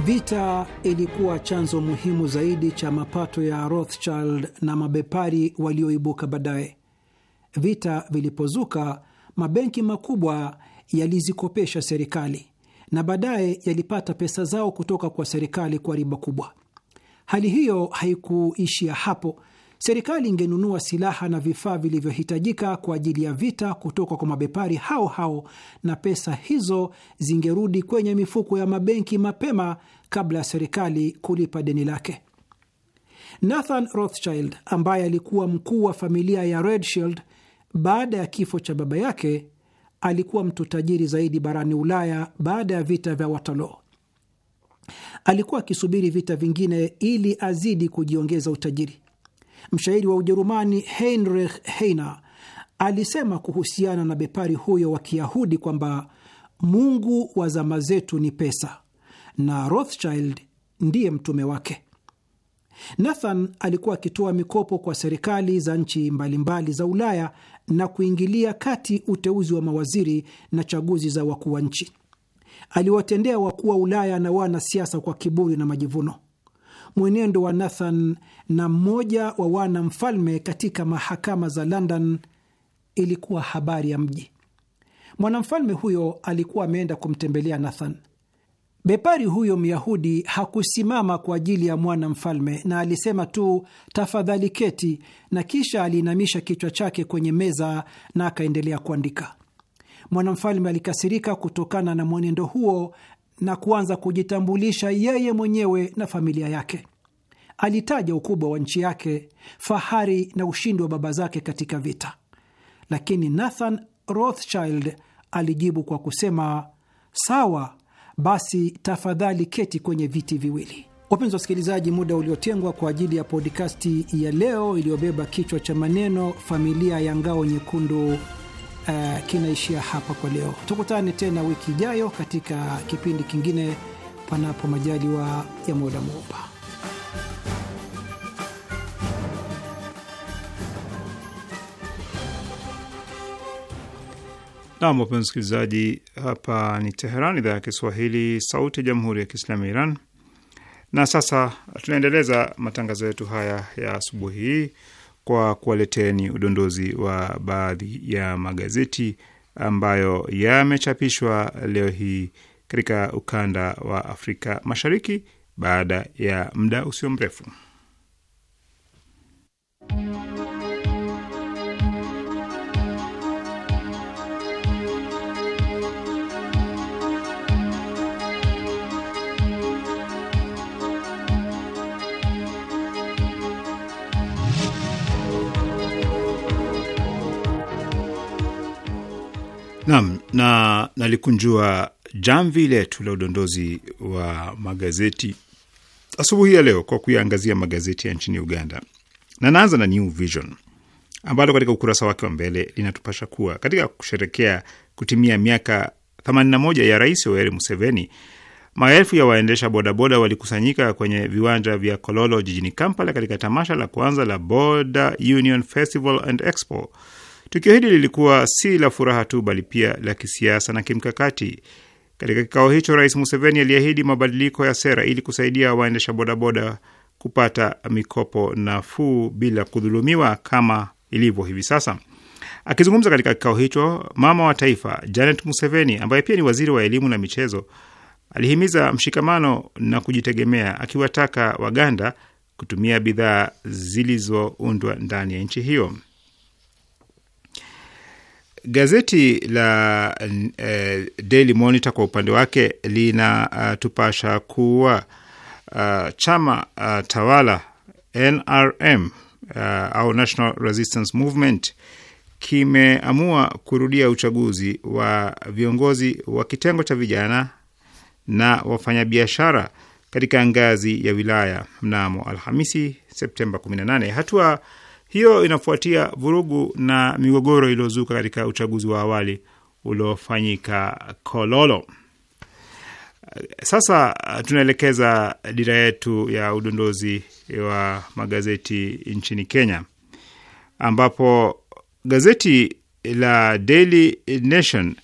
Vita ilikuwa chanzo muhimu zaidi cha mapato ya Rothschild na mabepari walioibuka baadaye. Vita vilipozuka, mabenki makubwa yalizikopesha serikali na baadaye yalipata pesa zao kutoka kwa serikali kwa riba kubwa. Hali hiyo haikuishia hapo, serikali ingenunua silaha na vifaa vilivyohitajika kwa ajili ya vita kutoka kwa mabepari hao hao, na pesa hizo zingerudi kwenye mifuko ya mabenki mapema kabla ya serikali kulipa deni lake. Nathan Rothschild ambaye alikuwa mkuu wa familia ya Rothschild baada ya kifo cha baba yake alikuwa mtu tajiri zaidi barani Ulaya baada ya vita vya Waterloo. Alikuwa akisubiri vita vingine ili azidi kujiongeza utajiri. Mshairi wa Ujerumani Heinrich Heine alisema kuhusiana na bepari huyo wa Kiyahudi kwamba Mungu wa zama zetu ni pesa na Rothschild ndiye mtume wake. Nathan alikuwa akitoa mikopo kwa serikali za nchi mbalimbali za Ulaya na kuingilia kati uteuzi wa mawaziri na chaguzi za wakuu wa nchi. Aliwatendea wakuu wa Ulaya na wanasiasa kwa kiburi na majivuno mwenendo wa Nathan na mmoja wa wana mfalme katika mahakama za London ilikuwa habari ya mji. Mwanamfalme huyo alikuwa ameenda kumtembelea Nathan. Bepari huyo Myahudi hakusimama kwa ajili ya mwanamfalme na alisema tu, tafadhali keti, na kisha aliinamisha kichwa chake kwenye meza na akaendelea kuandika. Mwanamfalme alikasirika kutokana na mwenendo huo na kuanza kujitambulisha yeye mwenyewe na familia yake. Alitaja ukubwa wa nchi yake, fahari na ushindi wa baba zake katika vita, lakini Nathan Rothschild alijibu kwa kusema, sawa basi, tafadhali keti kwenye viti viwili. Wapenzi wasikilizaji, muda uliotengwa kwa ajili ya podkasti ya leo iliyobeba kichwa cha maneno familia ya ngao nyekundu uh, kinaishia hapa kwa leo. Tukutane tena wiki ijayo katika kipindi kingine, panapo majaliwa ya Mola Muumba. Nam, wapenzi msikilizaji, hapa ni Teheran, idhaa ya Kiswahili, sauti ya jamhuri ya kiislamu ya Iran. Na sasa tunaendeleza matangazo yetu haya ya asubuhi hii kwa kuwaleteni udondozi wa baadhi ya magazeti ambayo yamechapishwa leo hii katika ukanda wa Afrika Mashariki baada ya muda usio mrefu. Nam na nalikunjua jamvi letu la udondozi wa magazeti asubuhi ya leo kwa kuyaangazia magazeti ya nchini Uganda, na naanza na New Vision ambalo katika ukurasa wake wa mbele linatupasha kuwa katika kusherekea kutimia miaka 81 ya Rais Yoweri Museveni, maelfu ya waendesha bodaboda walikusanyika kwenye viwanja vya Kololo jijini Kampala katika tamasha la kwanza la Border Union Festival and Expo Tukio hili lilikuwa si la furaha tu, bali pia la kisiasa na kimkakati. Katika kikao hicho, Rais Museveni aliahidi mabadiliko ya sera ili kusaidia waendesha bodaboda kupata mikopo nafuu bila kudhulumiwa kama ilivyo hivi sasa. Akizungumza katika kikao hicho, mama wa taifa Janet Museveni, ambaye pia ni waziri wa elimu na michezo, alihimiza mshikamano na kujitegemea, akiwataka Waganda kutumia bidhaa zilizoundwa ndani ya nchi hiyo. Gazeti la eh, Daily Monitor kwa upande wake linatupasha eh, uh, kuwa uh, chama uh, tawala NRM uh, au National Resistance Movement kimeamua kurudia uchaguzi wa viongozi wa kitengo cha vijana na wafanyabiashara katika ngazi ya wilaya mnamo Alhamisi Septemba 18. Hatua hiyo inafuatia vurugu na migogoro iliyozuka katika uchaguzi wa awali uliofanyika Kololo. Sasa tunaelekeza dira yetu ya udondozi wa magazeti nchini Kenya, ambapo gazeti la Daily Nation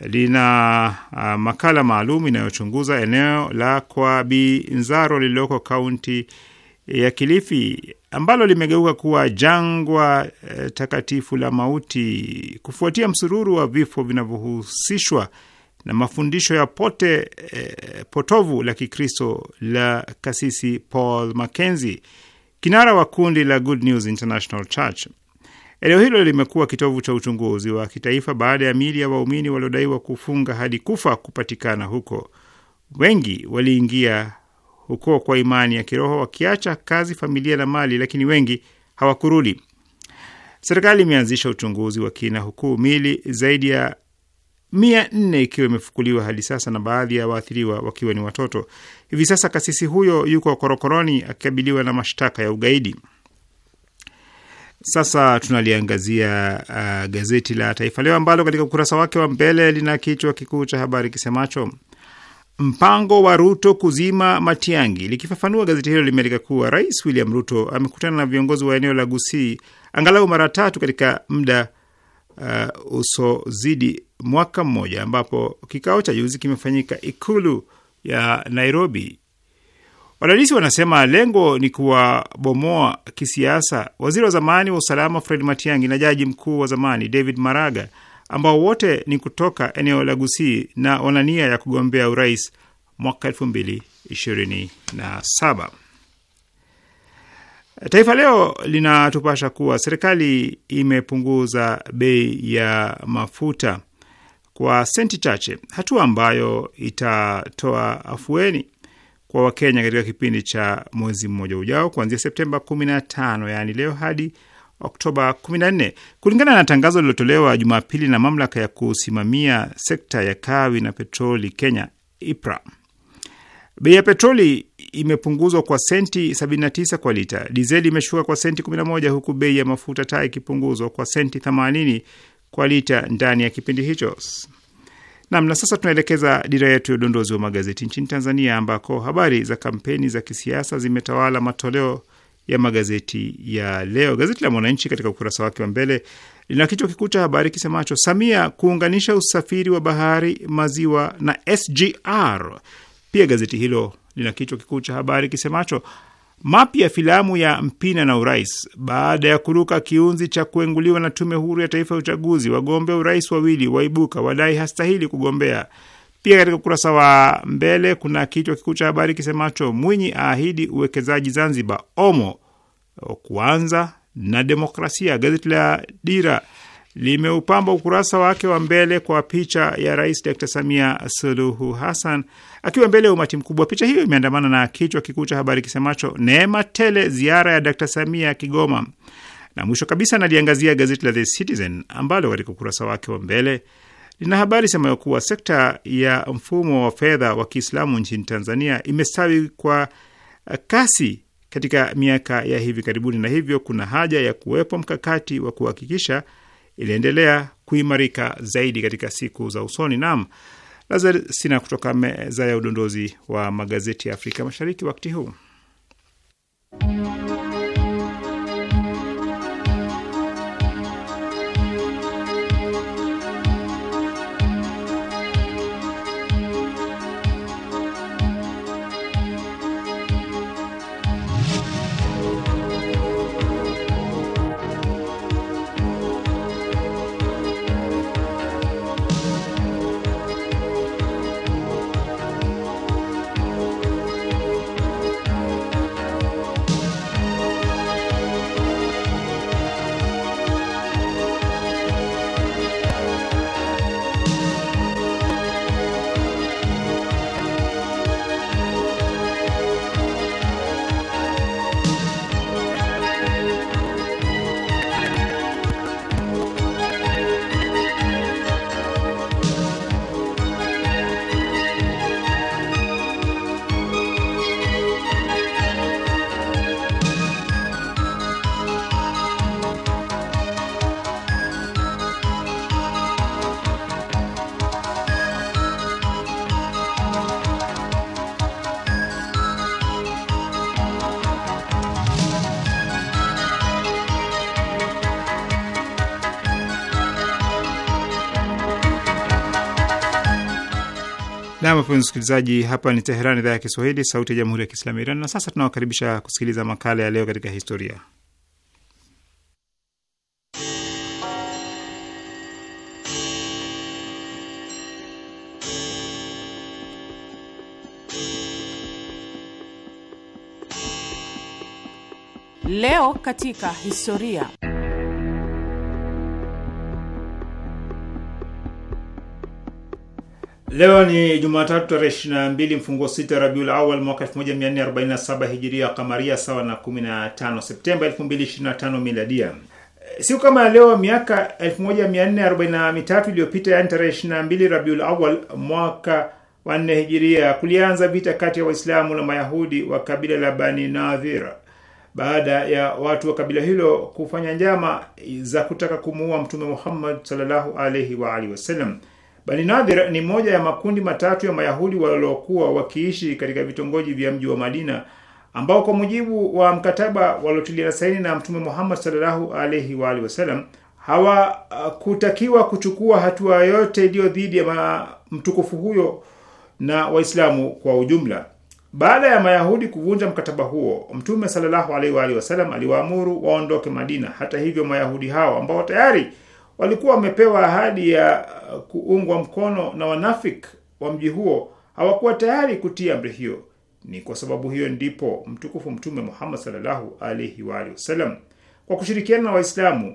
lina uh, makala maalum inayochunguza eneo la Kwabinzaro lililoko kaunti ya Kilifi ambalo limegeuka kuwa jangwa e, takatifu la mauti kufuatia msururu wa vifo vinavyohusishwa na mafundisho ya pote e, potovu la Kikristo la kasisi Paul Mackenzie, kinara wa kundi la Good News International Church. Eneo hilo limekuwa kitovu cha uchunguzi wa kitaifa baada ya miili ya waumini waliodaiwa kufunga hadi kufa kupatikana huko. Wengi waliingia huko kwa imani ya kiroho, wakiacha kazi, familia na mali, lakini wengi hawakurudi. Serikali imeanzisha uchunguzi wa kina, huku mili zaidi ya mia nne ikiwa imefukuliwa hadi sasa, na baadhi ya waathiriwa wakiwa ni watoto. Hivi sasa kasisi huyo yuko korokoroni akikabiliwa na mashtaka ya ugaidi. Sasa tunaliangazia uh, gazeti la Taifa Leo ambalo katika ukurasa wake wa mbele lina kichwa kikuu cha habari kisemacho mpango wa Ruto kuzima Matiangi. Likifafanua, gazeti hilo limeandika kuwa Rais William Ruto amekutana na viongozi wa eneo la Gusii angalau mara tatu katika muda uh, usozidi mwaka mmoja, ambapo kikao cha juzi kimefanyika ikulu ya Nairobi. Wadadisi wanasema lengo ni kuwabomoa kisiasa waziri wa zamani wa usalama Fred Matiangi na jaji mkuu wa zamani David Maraga ambao wote ni kutoka eneo la Gusii na wana nia ya kugombea urais mwaka saba. Taifa Leo linatupasha kuwa serikali imepunguza bei ya mafuta kwa senti chache, hatua ambayo itatoa afueni kwa Wakenya katika kipindi cha mwezi mmoja ujao kuanzia Septemba 15, yaani leo hadi Oktoba 14 kulingana na tangazo lililotolewa Jumapili na mamlaka ya kusimamia sekta ya kawi na petroli Kenya, IPRA. Bei ya petroli imepunguzwa kwa senti 79 kwa lita, dizeli imeshuka kwa senti 11, huku bei ya mafuta taa ikipunguzwa kwa senti 80 kwa lita ndani ya kipindi hicho. Nam, na sasa tunaelekeza dira yetu ya udondozi wa magazeti nchini Tanzania, ambako habari za kampeni za kisiasa zimetawala matoleo ya magazeti ya leo. Gazeti la Mwananchi katika ukurasa wake wa mbele lina kichwa kikuu cha habari kisemacho Samia kuunganisha usafiri wa bahari, maziwa na SGR. Pia gazeti hilo lina kichwa kikuu cha habari kisemacho mapya filamu ya Mpina na urais baada ya kuruka kiunzi cha kuenguliwa na Tume Huru ya Taifa ya Uchaguzi. Wagombea urais wawili waibuka, wadai hastahili kugombea. Pia katika ukurasa wa mbele kuna kichwa kikuu cha habari kisemacho Mwinyi aahidi uwekezaji Zanzibar, Omo kuanza na demokrasia. Gazeti la Dira limeupamba ukurasa wake wa mbele kwa picha ya Rais d Samia Suluhu Hassan akiwa mbele ya umati mkubwa. Picha hiyo imeandamana na kichwa kikuu cha habari kisemacho neema tele ziara ya d Samia Kigoma, na mwisho kabisa naliangazia gazeti la The Citizen ambalo katika ukurasa wake wa mbele lina habari semayo kuwa sekta ya mfumo wa fedha wa Kiislamu nchini Tanzania imestawi kwa kasi katika miaka ya hivi karibuni, na hivyo kuna haja ya kuwepo mkakati wa kuhakikisha iliendelea kuimarika zaidi katika siku za usoni. Naam, Lazar Sina kutoka meza ya udondozi wa magazeti ya Afrika Mashariki wakati huu. Nam, wapenzi msikilizaji, hapa ni Teheran, idhaa ya Kiswahili, sauti ya jamhuri ya kiislamu ya Iran. Na sasa tunawakaribisha kusikiliza makala ya leo katika historia. Leo katika historia Leo ni Jumatatu tarehe 22 mfungo 6 Rabiul Awal mwaka 1447 hijiria kamaria, sawa na 15 Septemba 2025 miladia. Siku kama leo miaka 1443 iliyopita, yani tarehe 22 Rabiul Awal mwaka wa 4 hijiria, kulianza vita kati ya Waislamu na Mayahudi wa kabila la Bani Nadhir baada ya watu wa kabila hilo kufanya njama za kutaka kumuua Mtume Muhammad sallallahu alaihi wa alihi wasallam. Bani Nadhir ni moja ya makundi matatu ya Mayahudi waliokuwa wakiishi katika vitongoji vya mji wa Madina ambao kwa mujibu wa mkataba waliotilia saini na Mtume Muhammad sallallahu alaihi wa alihi wasallam hawakutakiwa kuchukua hatua yoyote iliyo dhidi ya mtukufu huyo na Waislamu kwa ujumla. Baada ya Mayahudi kuvunja mkataba huo, Mtume sallallahu alaihi wa alihi wasallam aliwaamuru waondoke Madina. Hata hivyo, Mayahudi hao ambao tayari walikuwa wamepewa ahadi ya uh, kuungwa mkono na wanafik wa mji huo hawakuwa tayari kutia amri hiyo. Ni kwa sababu hiyo ndipo mtukufu Mtume Muhammad sallallahu alaihi wa alihi wasallam kwa kushirikiana na Waislamu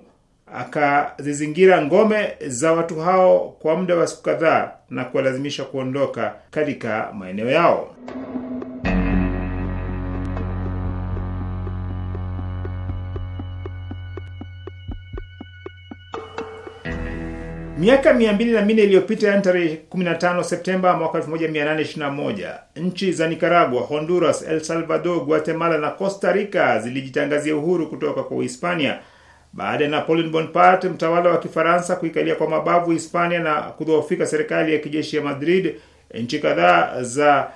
akazizingira ngome za watu hao kwa muda wa siku kadhaa na kuwalazimisha kuondoka katika maeneo yao. Miaka 204 iliyopita, yaani tarehe 15 Septemba mwaka 1821, nchi za Nicaragua, Honduras, el Salvador, Guatemala na Costa Rica zilijitangazia uhuru kutoka kwa Uhispania baada ya Napoleon Bonaparte, mtawala wa Kifaransa, kuikalia kwa mabavu Hispania na kudhoofika serikali ya kijeshi ya Madrid. Nchi kadhaa za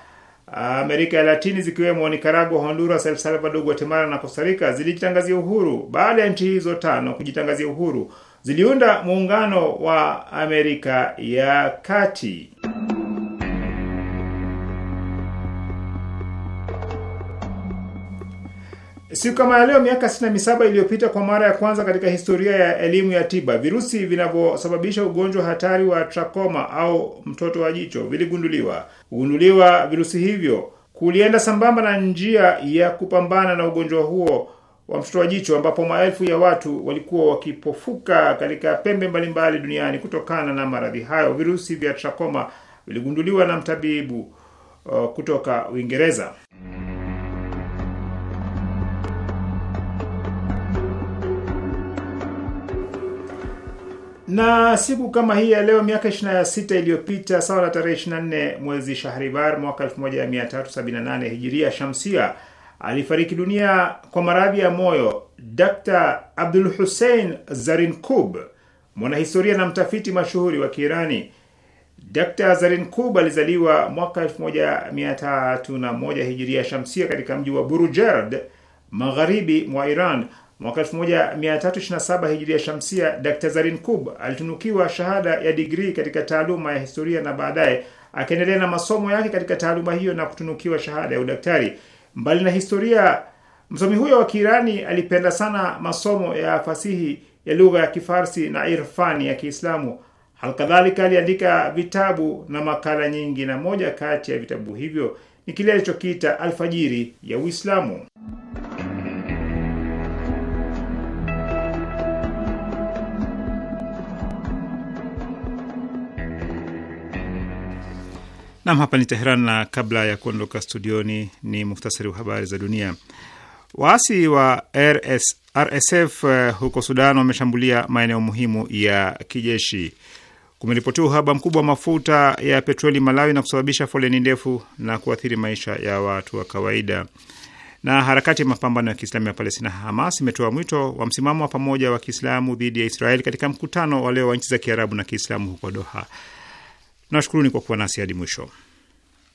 ah, Amerika ya Latini zikiwemo Nicaragua, Honduras, el Salvador, Guatemala na Costa Rica zilijitangazia uhuru baada ya nchi hizo tano kujitangazia uhuru ziliunda muungano wa Amerika ya Kati. Siku kama ya leo miaka 67 iliyopita, kwa mara ya kwanza katika historia ya elimu ya tiba, virusi vinavyosababisha ugonjwa hatari wa trakoma au mtoto wa jicho viligunduliwa. Kugunduliwa virusi hivyo kulienda sambamba na njia ya kupambana na ugonjwa huo wa mtoto wa jicho ambapo maelfu ya watu walikuwa wakipofuka katika pembe mbalimbali duniani kutokana na maradhi hayo. Virusi vya trakoma viligunduliwa na mtabibu uh, kutoka Uingereza. Na siku kama hii ya leo miaka 26 iliyopita, sawa na tarehe 24 mwezi Shahrivar mwaka 1378 hijiria shamsia alifariki dunia kwa maradhi ya moyo. Dr Abdul Hussein Zarinkub, mwanahistoria na mtafiti mashuhuri wa Kiirani. Dr Zarinkub alizaliwa mwaka 1301 hijiria shamsia katika mji wa Burujerd, magharibi mwa Iran. Mwaka 1327 hijiria shamsia, Dr Zarinkub alitunukiwa shahada ya digrii katika taaluma ya historia na baadaye akaendelea na masomo yake katika taaluma hiyo na kutunukiwa shahada ya udaktari. Mbali na historia, msomi huyo wa Kiirani alipenda sana masomo ya fasihi ya lugha ya Kifarsi na irfani ya Kiislamu. Halikadhalika aliandika vitabu na makala nyingi, na moja kati ya vitabu hivyo ni kile alichokiita Alfajiri ya Uislamu. Nam, hapa ni Teheran, na kabla ya kuondoka studioni ni muhtasari wa habari za dunia. Waasi wa RS, RSF uh, eh, huko Sudan wameshambulia maeneo muhimu ya kijeshi. Kumeripotiwa uhaba mkubwa wa mafuta ya petroli Malawi na kusababisha foleni ndefu na kuathiri maisha ya watu wa kawaida. Na harakati ya mapambano ya Kiislamu ya Palestina Hamas imetoa mwito wa msimamo wa pamoja wa Kiislamu dhidi ya Israeli katika mkutano wa leo wa nchi za Kiarabu na Kiislamu huko Doha. Nawashukuruni kwa kuwa nasi hadi mwisho